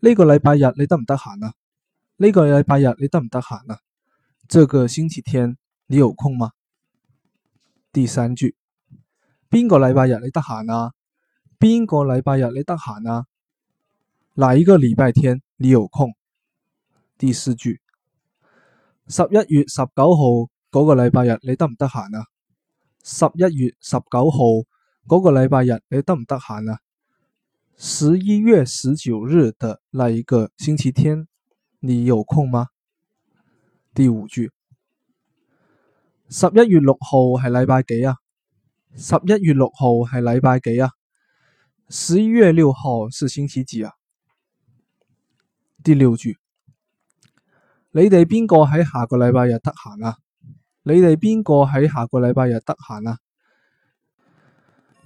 呢個禮拜日你得唔得閒啊？呢個禮拜日你得唔得閒啊？這個星期天你有空嗎？第三句，邊個禮拜日你得閒啊？邊個禮拜日你得閒啊？哪一個禮拜天你有空？第四句，十一月十九號嗰個禮拜日你得唔得閒啊？十一月十九號嗰個禮拜日你得唔得閒啊？十一月十九日的那一個星期天，你有空嗎？第五句。十一月六號係禮拜幾啊？十一月六號係禮拜幾啊？十一月六號是星期幾啊？第六句。你哋邊個喺下個禮拜日得閒啊？你哋邊個喺下個禮拜日得閒啊？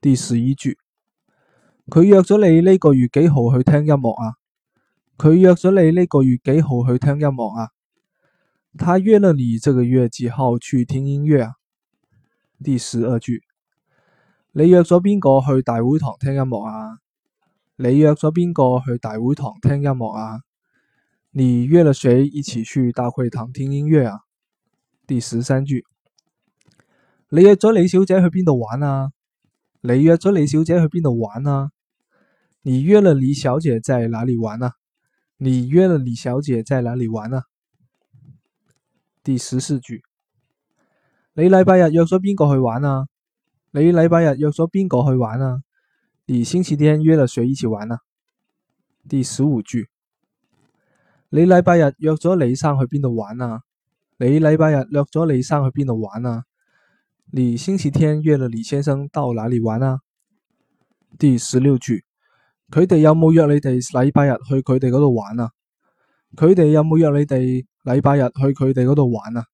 第十一句，佢約咗你呢個月幾號去聽音樂啊？佢約咗你呢個月幾號去聽音樂啊？他約了你這個月幾號去聽音樂啊？第十二句，你約咗邊個去大會堂聽音樂啊？你約咗邊個去大會堂聽音樂啊？你約了誰一起去大會堂聽音樂啊？第十三句，你約咗李小姐去邊度玩啊？你約咗李小姐去邊度玩啊？你約了李小姐在哪裏玩啊？你約了李小姐在哪裏玩啊？第十四句，你禮拜日約咗邊個去玩啊？你禮拜日約咗邊個去玩啊？你星期天約了誰一起玩啊？第十五句你上，你禮拜日約咗李生去邊度玩啊？你禮拜日約咗李生去邊度玩啊？你星期天約了李先生到哪裏玩啊？第十六句，佢哋有冇約你哋禮拜日去佢哋嗰度玩啊？佢哋有冇約你哋禮拜日去佢哋嗰度玩啊？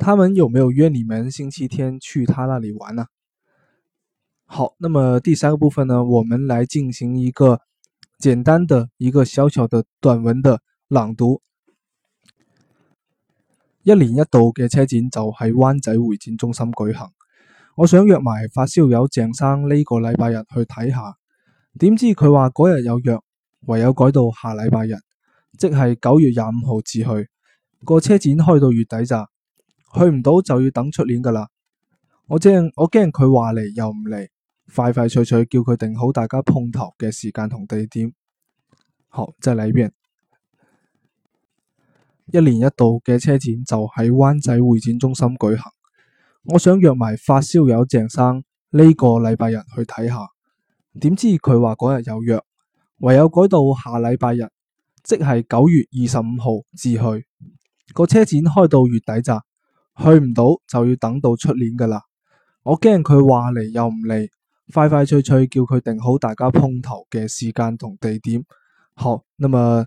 他們有沒有約你們星期天去他那裏玩啊？好，那麼第三個部分呢，我們來進行一個簡單的一個小小的短文的朗讀。一年一度嘅車展就喺灣仔會展中心舉行，我想約埋發燒友鄭生呢個禮拜日去睇下，點知佢話嗰日有約，唯有改到下禮拜日，即係九月廿五號至去。個車展開到月底咋，去唔到就要等出年噶啦。我驚我驚佢話嚟又唔嚟，快快脆脆叫佢定好大家碰頭嘅時間同地點。好，即係禮拜日。一年一度嘅車展就喺灣仔會展中心舉行，我想約埋發燒友鄭生呢個禮拜日去睇下，點知佢話嗰日有約，唯有改到下禮拜日，即係九月二十五號至去。個車展開到月底咋，去唔到就要等到出年噶啦。我驚佢話嚟又唔嚟，快快脆脆叫佢定好大家碰頭嘅時間同地點。好，咁啊。